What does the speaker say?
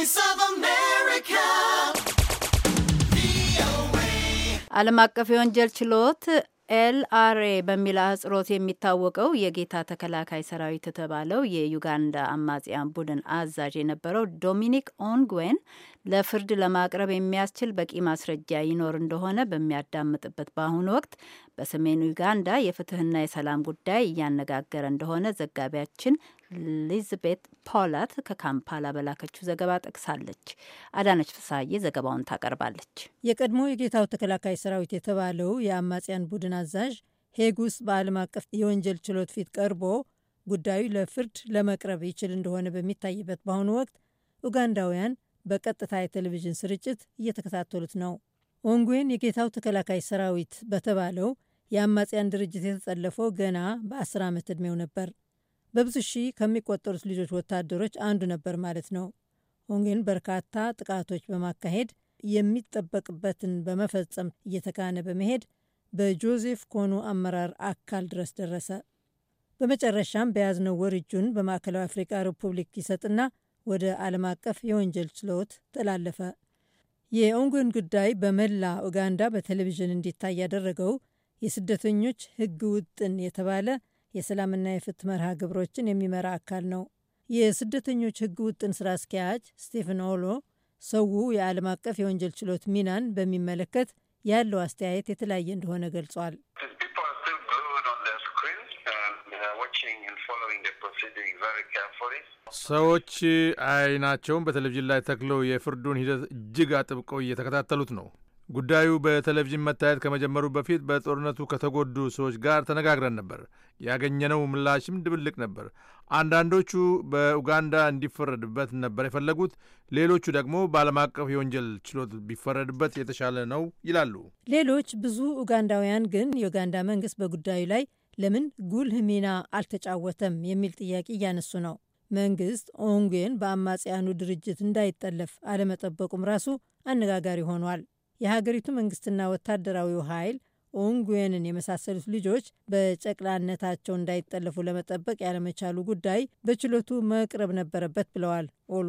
Voice ዓለም አቀፍ የወንጀል ችሎት ኤልአርኤ በሚል አጽሮት የሚታወቀው የጌታ ተከላካይ ሰራዊት የተባለው የዩጋንዳ አማጽያን ቡድን አዛዥ የነበረው ዶሚኒክ ኦንግዌን ለፍርድ ለማቅረብ የሚያስችል በቂ ማስረጃ ይኖር እንደሆነ በሚያዳምጥበት በአሁኑ ወቅት በሰሜን ዩጋንዳ የፍትህና የሰላም ጉዳይ እያነጋገረ እንደሆነ ዘጋቢያችን ሊዝቤት ፖላት ከካምፓላ በላከችው ዘገባ ጠቅሳለች። አዳነች ፍሳዬ ዘገባውን ታቀርባለች። የቀድሞ የጌታው ተከላካይ ሰራዊት የተባለው የአማጽያን ቡድን አዛዥ ሄግ ውስጥ በዓለም አቀፍ የወንጀል ችሎት ፊት ቀርቦ ጉዳዩ ለፍርድ ለመቅረብ ይችል እንደሆነ በሚታይበት በአሁኑ ወቅት ኡጋንዳውያን በቀጥታ የቴሌቪዥን ስርጭት እየተከታተሉት ነው። ኦንጉዌን የጌታው ተከላካይ ሰራዊት በተባለው የአማጽያን ድርጅት የተጠለፈው ገና በአስር ዓመት ዕድሜው ነበር። በብዙ ሺህ ከሚቆጠሩት ልጆች ወታደሮች አንዱ ነበር ማለት ነው። ሆንግን በርካታ ጥቃቶች በማካሄድ የሚጠበቅበትን በመፈጸም እየተካነ በመሄድ በጆዜፍ ኮኑ አመራር አካል ድረስ ደረሰ። በመጨረሻም በያዝነው ወር እጁን በማዕከላዊ አፍሪካ ሪፑብሊክ ይሰጥና ወደ ዓለም አቀፍ የወንጀል ችሎት ተላለፈ። የኦንጎን ጉዳይ በመላ ኡጋንዳ በቴሌቪዥን እንዲታይ ያደረገው የስደተኞች ሕግ ውጥን የተባለ የሰላምና የፍትህ መርሃ ግብሮችን የሚመራ አካል ነው። የስደተኞች ህግ ውጥን ስራ አስኪያጅ ስቴፈን ኦሎ ሰው የዓለም አቀፍ የወንጀል ችሎት ሚናን በሚመለከት ያለው አስተያየት የተለያየ እንደሆነ ገልጿል። uh, ሰዎች አይናቸውን በቴሌቪዥን ላይ ተክለው የፍርዱን ሂደት እጅግ አጥብቀው እየተከታተሉት ነው። ጉዳዩ በቴሌቪዥን መታየት ከመጀመሩ በፊት በጦርነቱ ከተጎዱ ሰዎች ጋር ተነጋግረን ነበር። ያገኘነው ምላሽም ድብልቅ ነበር። አንዳንዶቹ በኡጋንዳ እንዲፈረድበት ነበር የፈለጉት፣ ሌሎቹ ደግሞ በዓለም አቀፍ የወንጀል ችሎት ቢፈረድበት የተሻለ ነው ይላሉ። ሌሎች ብዙ ኡጋንዳውያን ግን የኡጋንዳ መንግስት በጉዳዩ ላይ ለምን ጉልህ ሚና አልተጫወተም የሚል ጥያቄ እያነሱ ነው። መንግስት ኦንጌን በአማጽያኑ ድርጅት እንዳይጠለፍ አለመጠበቁም ራሱ አነጋጋሪ ሆኗል። የሀገሪቱ መንግስትና ወታደራዊው ኃይል ኦንጉዌንን የመሳሰሉት ልጆች በጨቅላነታቸው እንዳይጠለፉ ለመጠበቅ ያለመቻሉ ጉዳይ በችሎቱ መቅረብ ነበረበት ብለዋል ኦሉ።